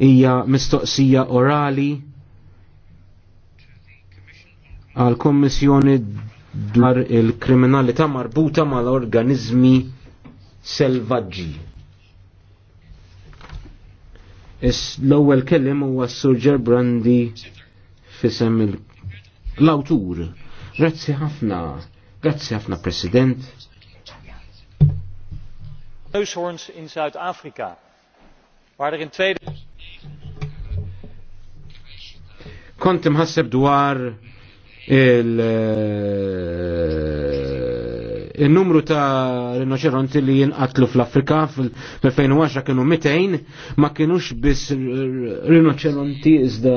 hija mistoqsija orali għal kommissjoni dwar il-kriminalità marbuta mal-organizmi selvaġġi. L-ewwel kellim huwa Surġer Brandi fisem l-awtur. Grazzi ħafna, grazzi ħafna President. Neushoorns in Zuid-Afrika, waar er in 2000... Kont imħasseb dwar eh, il-numru il ta' rinoċeronti li jinqatlu fl-Afrika fil-2010 kienu 200 ma kienux biss rinoċeronti iżda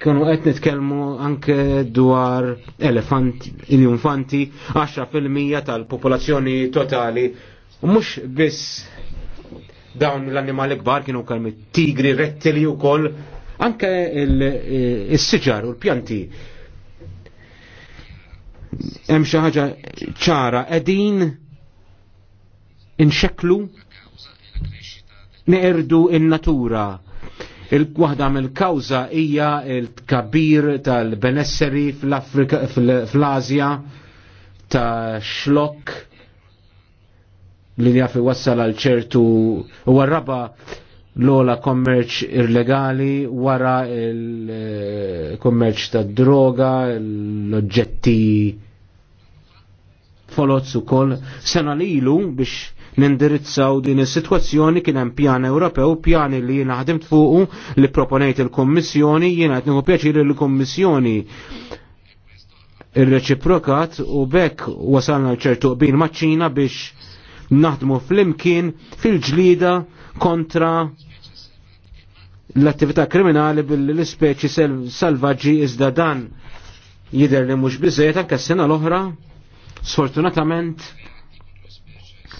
kienu qed nitkellmu anke dwar elefanti, il-infanti, 10% tal-popolazzjoni totali. Mhux biss dawn l-annimali kbar kienu kalmi tigri, rettili u koll anke eh, il-siġar u l-pjanti. Hemm xi ħaġa ċara qegħdin inxeklu neqerdu in-natura. Il-waħda mill-kawża hija l-kabir tal-benesseri fl-Afrika fl-Asja ta' xlok li li għafi wassal għal ċertu u għarraba l-ola kommerċ illegali wara il-kommerċ ta' droga, l-oġġetti folozz ukoll sena lilu biex nindirizzaw din is-sitwazzjoni kien hemm pjan Ewropew, pjani li jiena ħadimt fuqu li proponejt il-Kommissjoni, jiena qed nieħu pjaċir il-Kommissjoni ir-reċiprokat u bekk wasalna ċertu bin maċ-Ċina biex naħdmu fl-imkien fil-ġlida kontra l-attività kriminali bil-speċi salvaġġi iżda dan jider li mhux biżejjed anka s-sena l-oħra sfortunatament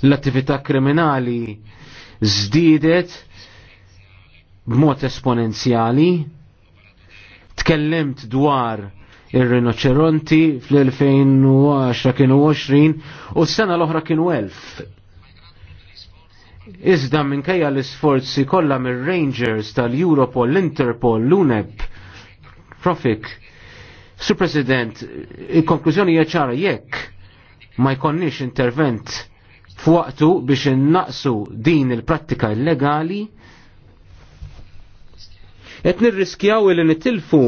l-attività kriminali żdiedet b'mod esponenzjali tkellimt dwar ir-rinoċeronti fl-2010 kienu 20 u s-sena l-oħra kienu 1000. Iżda minkejja l-isforzi kollha mir-Rangers tal-Europol, l-Interpol, l-UNEP, Profik, Sur President, il-konklużjoni hija ċara jekk ma jkonniex intervent f'waqtu biex innaqsu din il-prattika illegali, qed nirriskjaw li nitilfu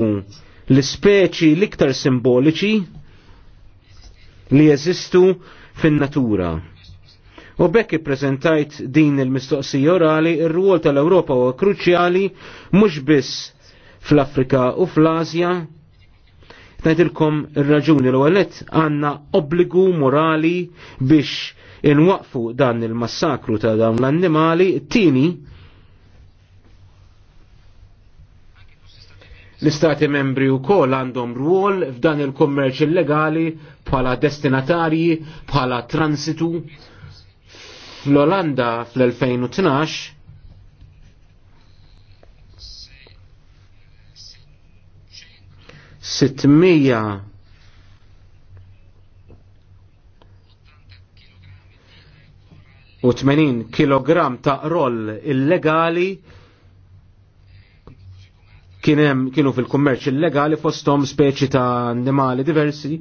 l-speċi l-iktar simboliċi li jeżistu fin-natura. U bekk ippreżentajt din il-mistoqsija orali ir-rwol tal-Ewropa huwa kruċjali mhux biss fl-Afrika u fl-Asja. tgħidilkom ir-raġuni l-għalet għandna obbligu morali biex inwaqfu dan il-massakru ta' dawn l-annimali. Tini, l-istati membri u kol għandhom ruol f'dan il-kommerċ illegali bħala destinatarji, bħala transitu Fl-Olanda fl-2012 600 u 80 kg ta' roll illegali kienem, kienu fil-kummerċ illegali fostom speċi ta' animali diversi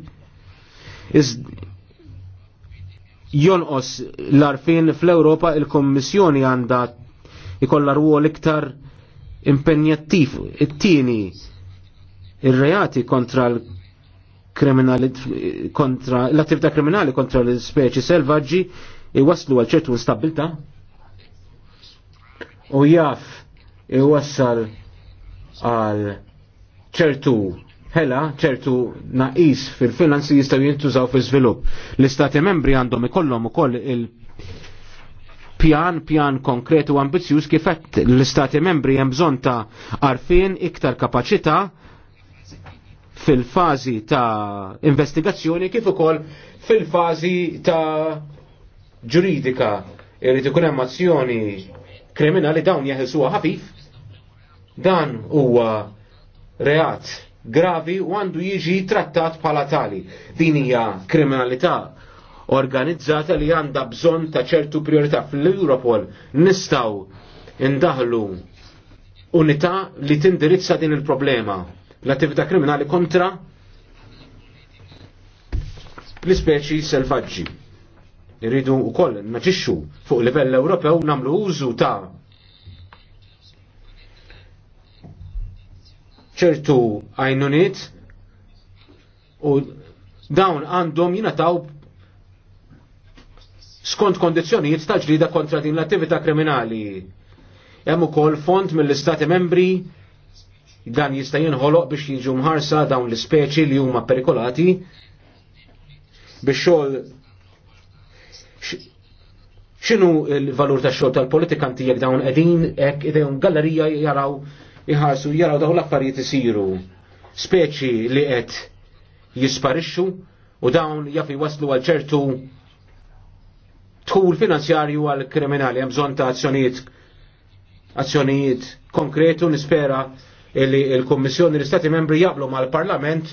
jonqos l-arfin fl-Ewropa il-Kommissjoni għandha ikollha rwol iktar impenjattiv. It-tieni il reati kontra l-kriminali kontra l-attività kriminali kontra l-speċi selvaġġi iwaslu għal ċertu instabilta u jaf iwassal għal ċertu Hela, ċertu naqis fil-finanzi jistaw jintużaw fil żvilupp L-istati membri għandhom ikollhom ukoll il- pjan pjan konkret u ambizjuż kif l-istati membri hemm bżonn ta' arfin iktar kapaċità fil-fazi ta' investigazzjoni kif ukoll fil-fazi ta' ġuridika irid ikun hemm azzjoni kriminali dawn jeħilsuha ħafif dan huwa reat gravi u għandu jiġi trattat bħala tali. Din hija kriminalità organizzata li għandha bżonn ta' ċertu priorità fl-Europol nistgħu indaħlu unità li tindirizza din il-problema. L-attività kriminali kontra l-ispeċi selvaġġi. Irridu wkoll naġixxu fuq livell Ewropew nagħmlu użu ta' ċertu għajnuniet u dawn għandhom jinataw skont kondizjonijiet ta' ġlida kontra din l-attività kriminali. Hemm ukoll font mill-Istati membri dan jista' jinħoloq biex jiġu mħarsa dawn l-ispeċi li huma perikolati biex xogħol x'inhu l-valur tax-xogħol tal-politikanti jekk dawn qegħdin hekk idejhom gallerija jaraw iħarsu jaraw dawn l-affarijiet isiru speċi li qed jisparixxu u dawn jaf waslu għal ċertu tħul finanzjarju għal kriminali hemm bżonn ta' azzjonijiet azzjonijiet konkretu nispera li l kummissjoni l-Istati membri jablu mal-Parlament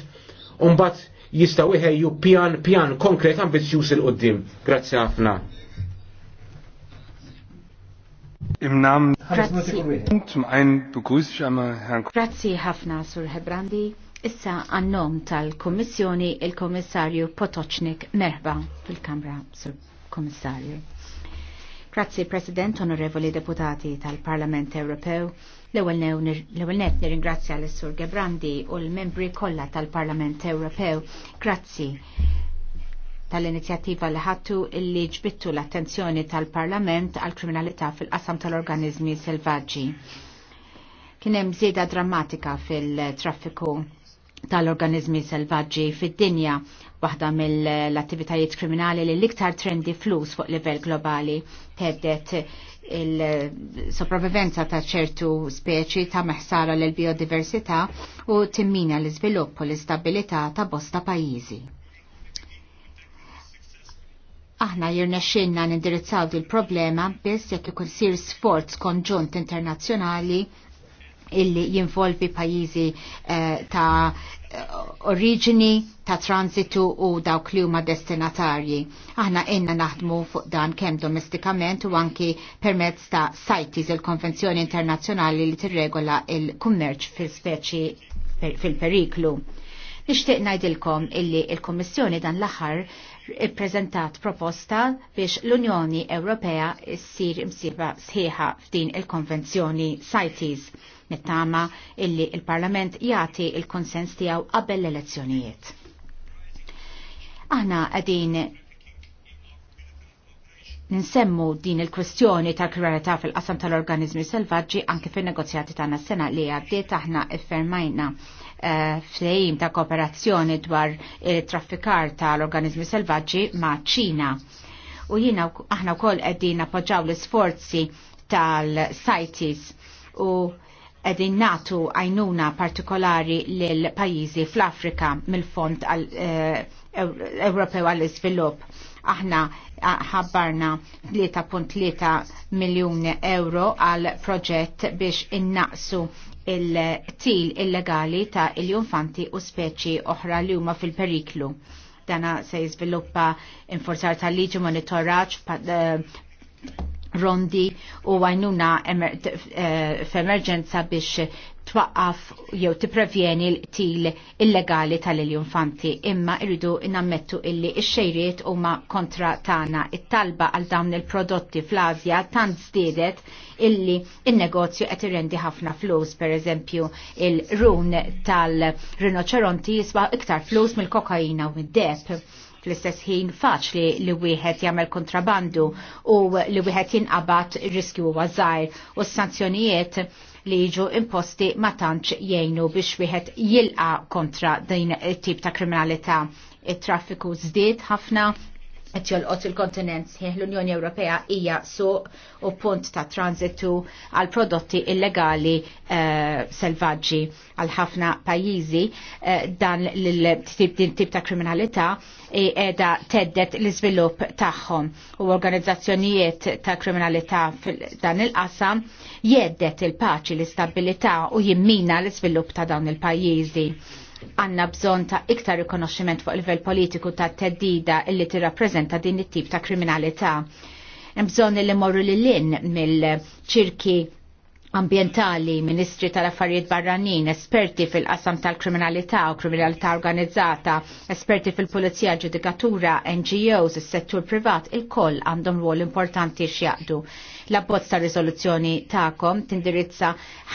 u mbagħad jistgħu iħejju pjan pjan konkret ambizzjuż il qudiem Grazzi ħafna. Im Namen begrüße ich einmal Herrn Grazie Hafna Sur Hebrandi. Issa annom tal-Kommissjoni il-Kommissarju Potocznik Merba fil-Kamra Sur Kommissarju. Grazie President, Onorevoli Deputati tal-Parlament Ewropew, l-ewel net nirringrazzja l-Sur Gebrandi u l-membri kolla tal-Parlament Ewropew. Grazzi tal-inizjattiva li ħattu illi ġbittu l-attenzjoni tal-Parlament għal kriminalità fil-qasam tal-organizmi selvaġġi. Kien hemm żieda drammatika fil-traffiku tal-organizmi selvaġġi fid-dinja waħda mill-attivitajiet kriminali li l-iktar trendi flus fuq livell globali teddet il sopravivenza ta' ċertu speċi ta' meħsara l biodiversità u timmina l-iżvilupp u l-istabilità ta' bosta pajjiżi. Aħna jirnexxinna nindirizzaw dil problema biss jekk ikun sir sforz konġunt internazzjonali illi jinvolvi pajjiżi eh, ta' eh, oriġini ta' transitu u dawk li huma destinatarji. Aħna inna naħdmu fuq dan kemm domestikament u anki permezz ta' sajtis il-Konvenzjoni Internazzjonali li tirregola il-kummerċ fil-speċi fil-periklu. Nixtieq ngħidilkom illi il-Kommissjoni dan l-aħħar ippreżentat proposta biex l-Unjoni Ewropea ssir imsiba sħiħa f'din il-konvenzjoni CITES nittama illi il-Parlament jagħti il-konsens tiegħu qabel l-elezzjonijiet. Aħna qegħdin nsemmu din il-kwestjoni tal-kriminalità fil-qasam tal-organizmi selvaġġi anke fin-negozjati tagħna s-sena li għaddiet aħna iffermajna Eh, ftehim ta' kooperazzjoni dwar eh, traffikar tal-organizmi selvaġġi ma' Ċina. U jina aħna wkoll qegħdin appoġġaw l-isforzi tal sajtis u għedin natu għajnuna partikolari l pajizi fl-Afrika mill-Fond eh, Ewropew għall iżvilupp Aħna ħabbarna 3.3 miljoni euro għal proġett biex innaqsu il-til illegali ta' il-infanti u speċi oħra li huma fil-periklu. Dana se jizviluppa inforzar tal-liġi monitoraċ eh, rondi u għajnuna eh, f'emerġenza biex twaqqaf jew tipprevjeni l til illegali tal-infanti imma irridu nammettu illi x-xejriet huma kontra tagħna it-talba għal dawn il-prodotti fl azja tant żdiedet illi il negozju qed irrendi ħafna flus, pereżempju il-run tal-rinoċeronti jiswa iktar flus mill-kokaina u mid-deb Fl-istess ħin faċli li wieħed jagħmel kontrabandu u li wieħed jinqabad riskju għażajr u s-sanzjonijiet li jiġu imposti ma tantx jgħinu biex wieħed jilqa kontra din it-tip ta' kriminalità. It-traffiku żdied ħafna qed jolqot il-kontinent sħiħ l-Unjoni Ewropea hija suq u punt ta' transitu għal prodotti illegali uh, selvaġġi għal ħafna pajjiżi uh, dan l-tip ta' kriminalità edha eh, teddet l-iżvilupp tagħhom u organizzazzjonijiet ta' kriminalità dan il-qasam jeddet il-paċi, l-istabilità u jimmina l-iżvilupp ta' dawn il-pajjiżi Għanna bżon ta' iktar rikonoxximent fuq il-livell politiku ta' teddida illi tirrappreżenta din it-tip ta' kriminalità. Hemm bżonn li l lil mill-ċirki ambientali, ministri tal-affarijiet barranin, esperti fil-qasam tal-kriminalità u kriminalità organizzata, esperti fil-pulizija ġudikatura, NGOs, is-settur privat, il-koll għandhom rwol importanti x'jaqdu. L-abbozz ta' riżoluzzjoni tagħkom tindirizza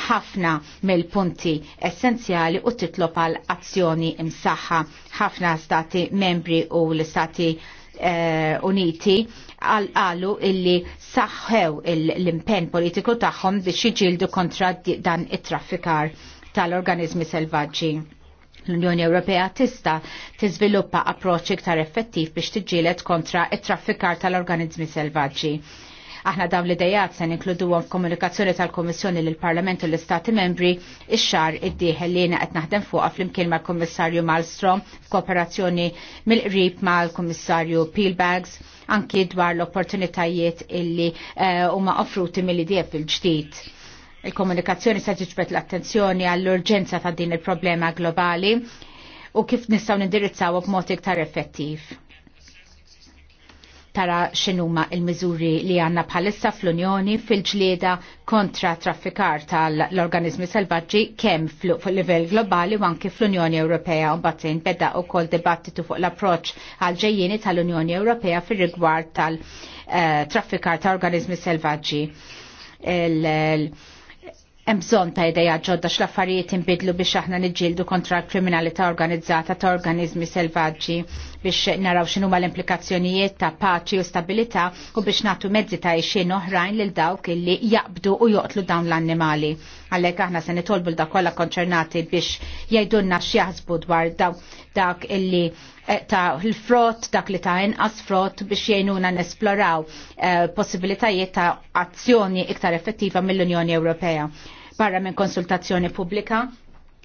ħafna mill-punti essenzjali u titlob għal azzjoni imsaħħa ħafna stati membri u l-istati uh, eh, Uniti għal-għalu illi saħħew l-impen politiku tagħhom biex jiġildu kontra dan it-traffikar tal-organizmi selvaġġi l-Unjoni Ewropea tista tiżviluppa approċċ iktar effettiv biex tiġġieled kontra it-traffikar tal-organizmi selvaġġi. Aħna dawn l-idejat se għom komunikazzjoni tal komissjoni l parlament u l-Istati membri ix-xar id-dieħel li jiena qed naħdem fuqha flimkien mal-Kummissarju Malmstrom f'kooperazzjoni mill-qrib mal-Kummissarju Peelbags anki dwar l-opportunitajiet illi eh, huma uh, offruti mill idejf il-ġdid il-komunikazzjoni se tiġbed l-attenzjoni għall-urġenza ta' din il-problema globali u kif nistgħu nindirizzaw b'mod iktar effettiv tara x'inhuma il-miżuri li għandna bħalissa fl-Unjoni fil-ġlieda kontra traffikar tal-organizmi selvaġġi kemm fuq livell globali u anke fl-Unjoni Ewropea u batin beda wkoll dibattitu fuq l-approċċ għal ġejjeni tal-Unjoni Ewropea fir-rigward tal-traffikar eh, ta' organizmi selvaġġi Emżon ta' ideja ġodda x'laffarijiet inbidlu biex aħna niġġieldu kontra kriminalità organizzata ta' organizmi selvaġġi biex naraw ma l-implikazzjonijiet ta' paċi u stabilità u biex nagħtu mezzi ta' ixin oħrajn lil dawk illi jaqbdu u joqtlu dawn l-annimali. Għalhekk aħna se nitolbu l kollha konċernati biex jgħidulna x'jaħsbu dwar daw dak illi eh, ta' l-frott, dak li ta' inqas frott biex jgħinuna nesploraw eh, possibilitajiet ta' azzjoni iktar effettiva mill-Unjoni Ewropea barra minn konsultazzjoni pubblika.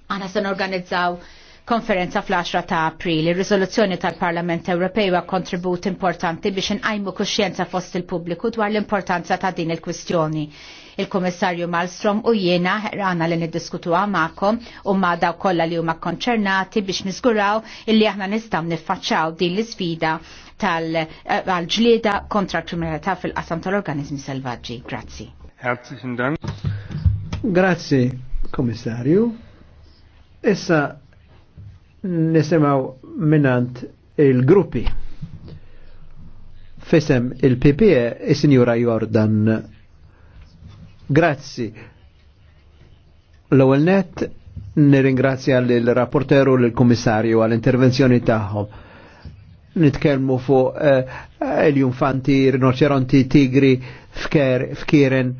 Għana se organizzaw konferenza fl-10 ta' april. Ir-riżoluzzjoni tal-Parlament Ewropej huwa kontribut importanti biex inqajmu kuxjenza fost il-pubbliku dwar l-importanza ta' din il-kwistjoni il-Komissarju Malmstrom u jiena rana li niddiskutu għamakom u ma daw kolla li huma konċernati biex nizguraw illi aħna nistgħu niffaċċaw din l-sfida tal-ġlieda eh, kontra kriminalità fil-qasam tal-organizmi selvaġġi. Grazzi. Herzlichen Dank. Grazie, komissarju. Issa nisimaw minant il-gruppi. Fisem il-PPE, il signora Jordan. Grazie. L-ewwel net nirringrazzja l-rapporteru l komissarju għall-intervenzjoni tagħhom. Nitkelmu fuq uh, eh, eh, il-jumfanti, tigri, fker, fkiren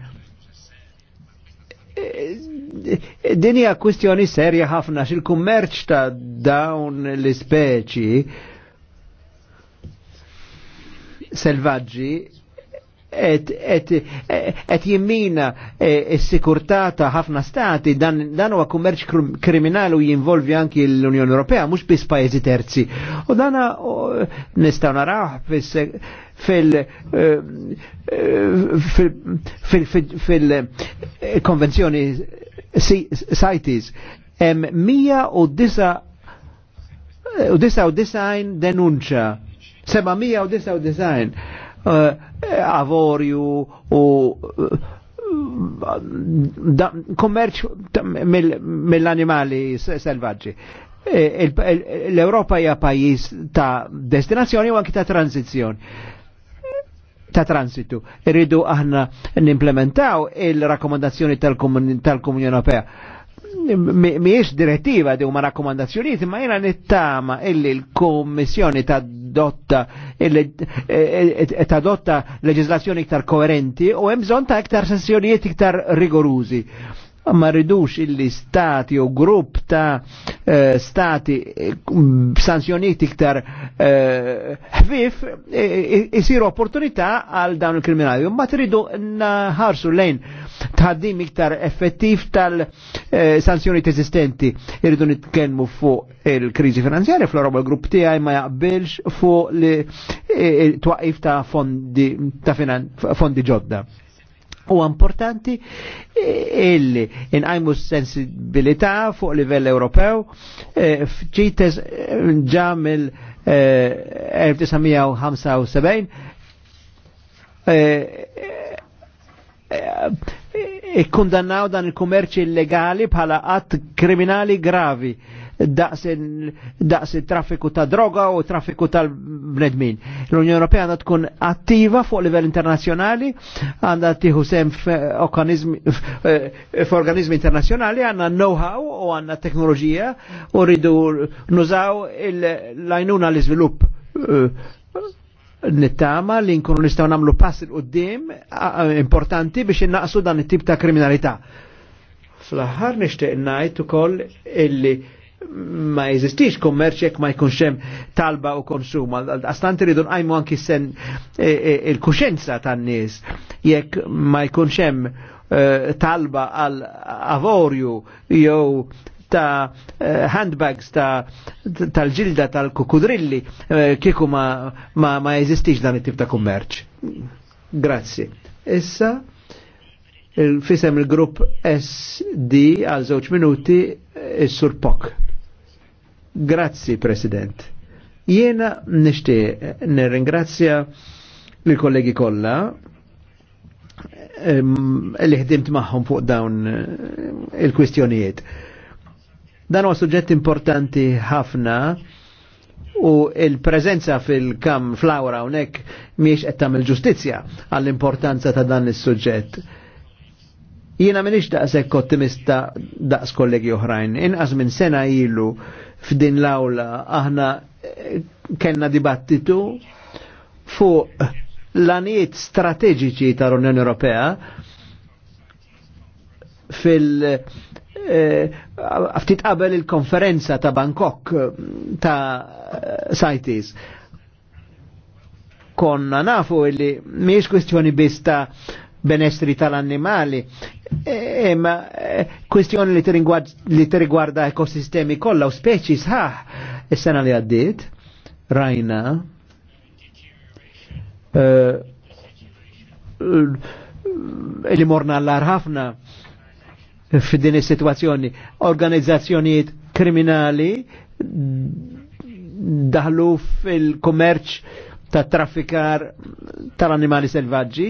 din hija kwistjoni serja ħafna x'il-kummerċ ta' dawn l-ispeċi selvaġġi et, jimmina s-sikurtà ta' ħafna stati dan, dan huwa kummerċ kriminali u jinvolvi anki l-Unjoni Ewropea mhux biss pajjiżi terzi. U dan nistgħu naraw fil-konvenzjoni CITES hemm disajn denunċa mija u disa u disajn uh, avorju u kommerċ uh, mill-animali mil selvaġġi. Eh, L-Europa hija pajjiż ta' destinazzjoni u anki ta' tranzizzjoni ta' transitu. Irridu aħna nimplementaw il-rakkomandazzjoni tal-Komunjoni tal Ewropea. Miex direttiva di ma' rakkomandazzjoniet, ma jena nittama illi l-Kommissjoni ta' dotta e, e, e, ta' dotta leġislazzjoni iktar koerenti u hemm bżonn ta' iktar sessjoni iktar rigorużi ma ridux illi stati u grupp ta' eh, stati eh, sanzjoniti iktar eh, ħfif jisiru isiru opportunità għal dawn il-kriminali. Ma tridu naħarsu lejn tħaddim iktar effettiv tal-sanzjoniet esistenti. Irridu nitkellmu fuq il-krizi finanzjarja fl roba l-grupp tiegħi ma jaqbilx fuq li twaqif ta' fondi, ta' fondi ġodda. U importanti illi inqajmu sensibilità fuq livell Ewropew e, fċites e, ġa mill-1975 e, ikkundannaw dan il-kummerċ illegali bħala att kriminali gravi daqs traffiku ta' droga u traffiku tal-bnedmin. L-Unjoni Ewropea għandha tkun attiva fuq livell internazzjonali, għandha tieħu sem f'organizmi eh, internazzjonali, għandna know-how u għandna teknoloġija u rridu nużaw l-għajnuna l-iżvilupp eh, nittama li nkunu nistaw namlu pass il-qoddim eh, importanti biex innaqsu dan it-tip ta' kriminalità. Fl-aħħar nixtieq ngħid ukoll illi ma jeżistix kommerċ jekk ma jkunx hemm talba u konsum. Għastant iridu nqajmu anki sen e, e, il-kuxenza tan-nies jekk ma jkunx hemm e, talba għal avorju jew ta' handbags ta' tal-ġilda tal-kukudrilli kieku ma, ma, ma jeżistix dan it-tip ta' kummerċ. Grazzi. Issa, fisem il-grupp SD għal żewġ minuti is-sur Pok. Grazzi, President. Jena nishti nirringrazzja l-kollegi kollha li ħdimt magħhom fuq dawn eh, il-kwistjonijiet. Dan huwa suġġett importanti ħafna u il-preżenza fil-kam flawra hawnhekk miex qed tagħmel ġustizzja għall-importanza ta' dan is-suġġett. Jiena m'iniex daqshekk ottimista daqs kollegi oħrajn. Inqas minn sena ilu f'din l-awla aħna eh, kellna dibattitu fuq l-anijiet strateġiċi tal-Unjoni Ewropea fil- eh, ftit qabel il-konferenza ta' Bangkok ta' CITES. Konna nafu illi miex kwestjoni biss ta' benestri tal-annimali, e, imma e, kwestjoni li tirigwarda ekosistemi kollha u speċi sħaħ is-sena li għaddiet, rajna e, li morna l-ar ħafna f'din is-sitwazzjoni. Organizzazzjonijiet kriminali daħlu fil kommerċ ta' traffikar tal-animali selvaġġi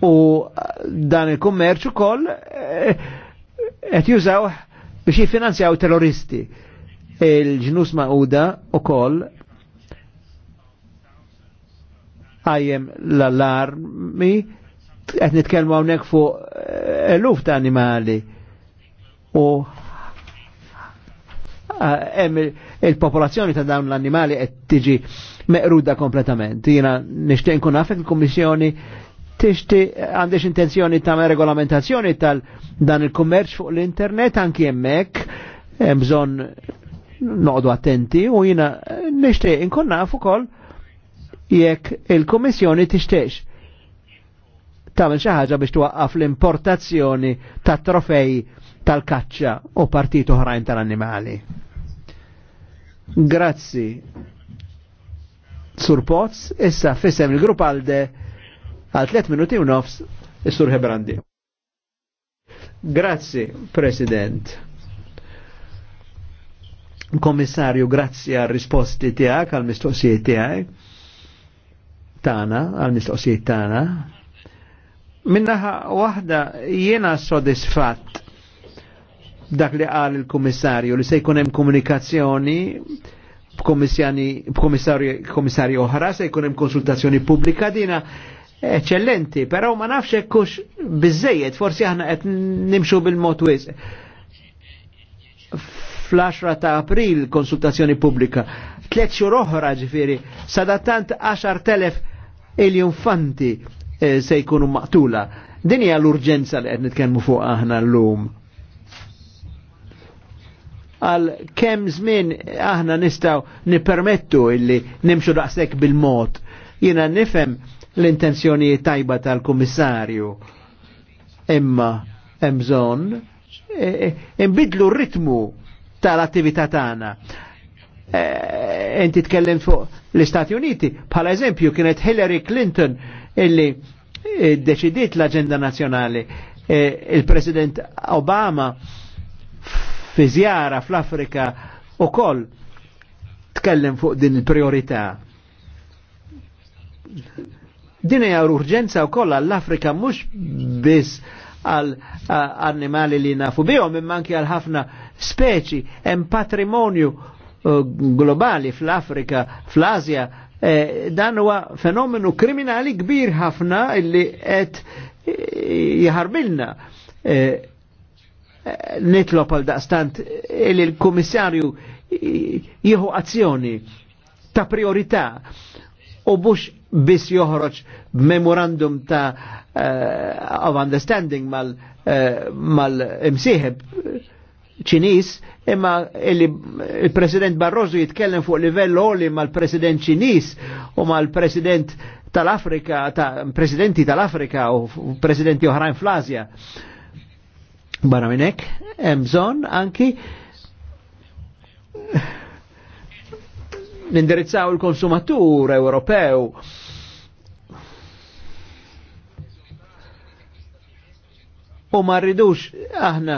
u dan il-kummerċ ukoll eh, qed jużaw biex jiffinanzjaw terroristi. Il-ġnus ma'uda koll għajjem l-allarmi qed nitkellmu hawnhekk fuq eh, eluf ta' animali u eh, il-popolazzjoni ta' dawn l-annimali qed tiġi meqruda kompletament. Jina nixtieq nafek il tixti għandix intenzjoni ta' regolamentazzjoni tal dan il-kummerċ fuq l-internet anki jemmek bżon noqdu attenti u jina nishti inkun nafu kol jekk il kommissjoni tixtiex tagħmel xi ħaġa biex twaqqaf l-importazzjoni ta' trofej tal-kaċċa u partit oħrajn tal-annimali. Grazzi. Sur issa fissem il-grupp għalde Għal tliet minuti u nofs, Sur Hebrandi. Grazzi, President. Komissarju, grazzi għal risposti tiegħek, għal mistoqsijiet tiegħek. Tana, għal mistoqsijiet tagħna. Minnaħa waħda jiena sodisfatt dak li qal il-Kummissarju li se jkun hemm komunikazzjoni b'komissarju oħra se jkun hemm konsultazzjoni pubblika dina eccellenti, però ma nafx ekkux bizzejiet, forsi aħna qed nimxu bil-mod wisq. Fl-10 ta' april konsultazzjoni pubblika, tliet xhur oħra ġifieri, sadattant 10,000 il-infanti eh, se jkunu maqtula. Din hija l-urġenza li qed nitkellmu fuq aħna llum. Għal kemm żmien aħna nistgħu nippermettu illi nimxu daqshekk bil-mod. Jiena nifhem l-intenzjoni tajba tal-Kummissarju. Imma emżon, e, e, imbidlu r-ritmu tal-attività tagħna. E, inti tkellem fuq l-Istati Uniti, bħala eżempju kienet Hillary Clinton illi deċidiet l-Aġenda Nazjonali. Il-President Obama fi zjara fl-Afrika u koll tkellem fuq din il-priorità. Din hija urġenza wkoll għall-Afrika mhux biss għal annimali li nafu bihom imma anki għal ħafna speċi hemm patrimonju eh, globali fl-Afrika, fl-Asja, eh, dan huwa fenomenu kriminali kbir ħafna illi qed eh, jħarbilna. Nitlob għal daqstant illi l-Kummissarju jieħu azzjoni ta' priorità u bux biss joħroġ memorandum ta' uh, of understanding mal uh, eh, mal-imsieħeb ċinis, imma il-President Barroso jitkellem fuq livell oli mal-President ċinis u mal-President tal-Afrika, ta' presidenti tal-Afrika u presidenti oħrajn fl-Azja. Barra minnek, bżon anki nindirizzaw il-konsumatur Ewropew u ma rridux aħna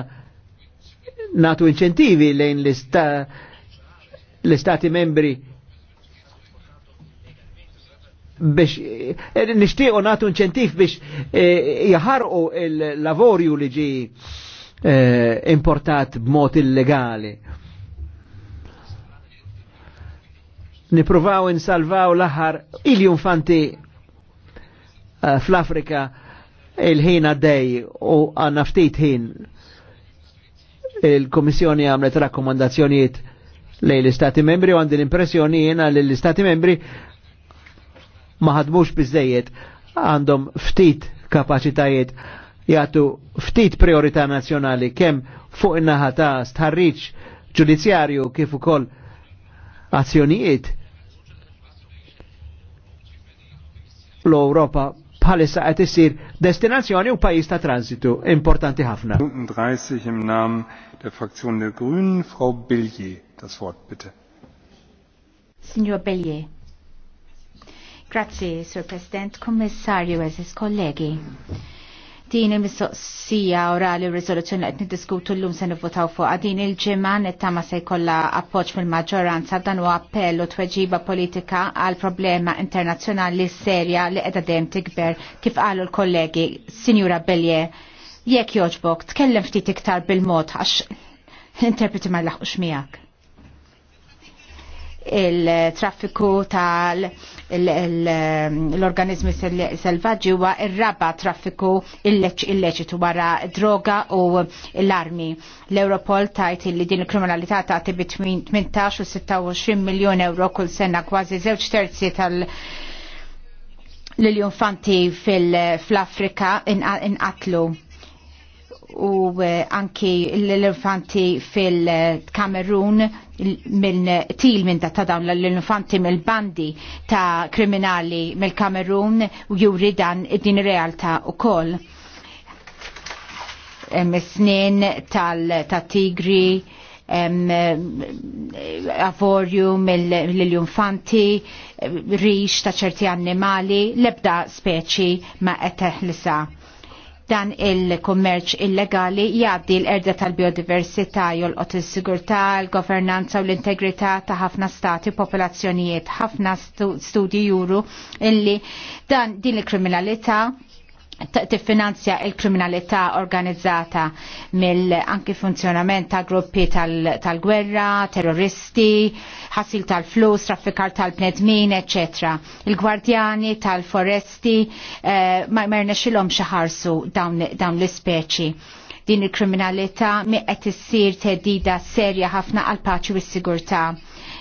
natu inċentivi lejn l-istati membri biex eh, nishtiqo natu inċentif biex eh, jaharqu il-lavorju li ġi eh, importat b'mod illegali. Nipruvaw insalvaw l-aħħar il jumfanti fl-Afrika uh, il-ħin għaddej u għanna ftit ħin il-Komissjoni għamlet rakkomandazzjonijiet lejn l-Istati membri u għandi l-impressjoni jena li l-Istati membri maħadmux bizzejiet għandhom ftit kapacitajiet jgħatu ftit priorità nazjonali kemm fuq in-naħa ta' stħarriċ ġudizzjarju kif ukoll azzjonijiet l-Europa bħalissa qed isir destinazzjoni u pajjiż ta' transitu importanti ħafna. 30 im Namen der Fraktion der Grünen, Frau Billier, das Wort bitte. Signor Bellier. Grazie, Sir President, Commissario, eżis kollegi. Din il-mistoqsija orali u rizoluzzjoni li qed niddiskutu llum se nivvotaw fuqha din il-ġimgħa nittama se jkollha appoġġ mill-maġġoranza dan huwa appell u tweġiba politika għal problema internazzjonali serja li qiegħda dejjem tikber kif qalu l-kollegi Sinjura Belje. Jekk jogħġbok, tkellem ftit iktar bil-mod għax interpreti ma jlaħqux miegħek il-traffiku tal-organizmi selvaġġi huwa ir-raba traffiku illeċitu wara droga u l-armi. L-Europol tajt li din il-kriminalità tagħti bi 18 u 26 miljon euro kull sena kważi żewġ terzi tal- l-infanti fil-Afrika inqatlu. In u eh, anki l-elefanti fil-Kamerun minn til minn ta' dawn l-elefanti mill-bandi ta' kriminali mill-Kamerun u juri dan din realta u koll. Snin tal-tigri avorju mill-infanti, rix ta' ċerti annimali, lebda speċi ma' l-sa' Dan il-kummerċ illegali jgħaddi l-erda tal-biodiversità jolqot is-sigurtà, l-governanza u l-integrità ta' ħafna stati popolazzjonijiet. Ħafna studji juru illi dan din il-kriminalità tiffinanzja il-kriminalità organizzata mill anki funzjonament ta' gruppi tal-gwerra, tal terroristi, ħasil tal-flus, traffikar tal-bnedmin, ecc. Il-gwardjani tal-foresti eh, ma jmerna xilom xaħarsu dawn, dawn l-speċi. Din il-kriminalità mi qed issir tedida serja ħafna għal paċi u s-sigurtà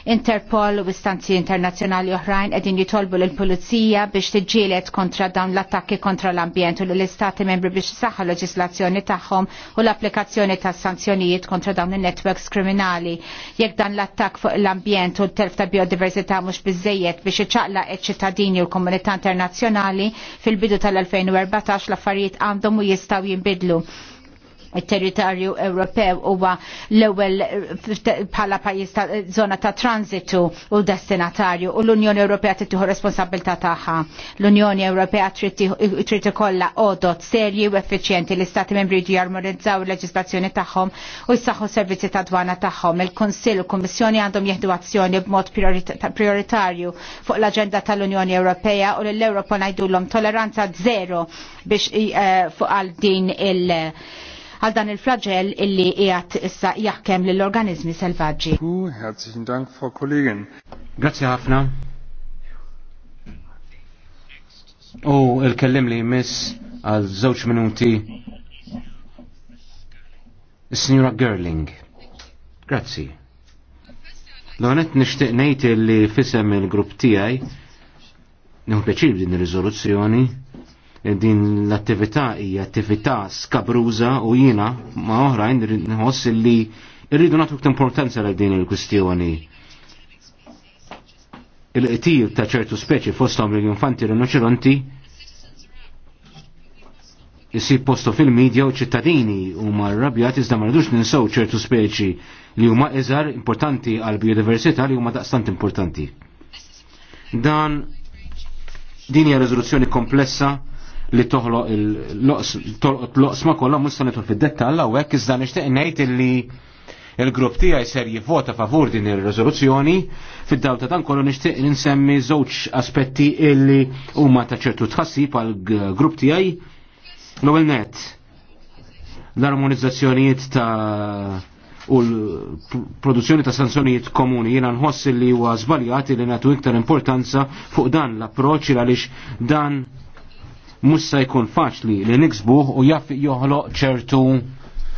Interpol u istanzi internazzjonali oħrajn qegħdin jitolbu lill-Pulizija biex tiġġielet kontra dawn l-attakki kontra l-ambjent u l-istati membri biex saħħa leġislazzjoni tagħhom u l-applikazzjoni tas sanzjonijiet kontra dawn in-netwerks kriminali. Jekk dan l-attakk fuq l-ambjent u t telf ta' biodiversità mhux biżejjed biex iċaqla ċittadini u l-komunità internazzjonali fil-bidu tal-2014 l-affarijiet għandhom u jistgħu jinbidlu Il-territorju Ewropew huwa l-ewwel eh, bħala pajjiż ta' żona eh, ta' transitu u destinatarju u l-Unjoni Ewropea trid tieħu responsabilità tagħha. L-Unjoni Ewropea trid eh, ikollha għodot serji u effiċjenti li stati membri jiġu jarmonizzaw il-leġislazzjoni tagħhom u jsaħħu servizzi ta' dwana tagħhom. Il-Kunsill u l Kummissjoni għandhom jieħdu azzjoni b'mod prioritarju fuq l-aġenda tal-Unjoni Ewropea u l-Ewropa ngħidulhom toleranza zero biex fuq għal din il- għal dan il-flagell illi jgħat issa jaħkem lill organizmi selvaġġi. Grazie ħafna. U il-kellim li jmiss għal żewġ minuti Signora Gerling. Grazzi. L-għonet nishtiq nejt li fisem il-grupp tijaj, nħu peċir din il-rizoluzzjoni, din l-attività hija attività skabruża u jiena ma' oħrajn nħoss li rridu nagħtu importanza għal din il-kwistjoni. Il-qtil ta' ċertu speċi fosthom l-infanti rinoċeronti jisib posto fil-medja u ċittadini u marrabjat iżda marridux ninsew ċertu speċi li huma iżgħar importanti għal biodiversità li huma daqstant importanti. Dan din hija riżoluzzjoni komplessa li toħloq l-oqsma kollha mhux se nidħol fid-dettall hawnhekk iżda nixtieq ngħid illi il-grupp tiegħi ser jivvota favur din ir-riżoluzzjoni fid-dawl ta' dan kollu nixtieq insemmi żewġ aspetti illi huma ta' ċertu tħassib għal grupp tiegħi l-ewwel net l-armonizzazzjonijiet ta' u l-produzzjoni ta' sanzjonijiet komuni jiena nħoss li huwa żbaljati li nagħtu iktar importanza fuq dan l-approċċ għaliex dan mhux se jkun faċli li niksbuħ u jaff joħloq ċertu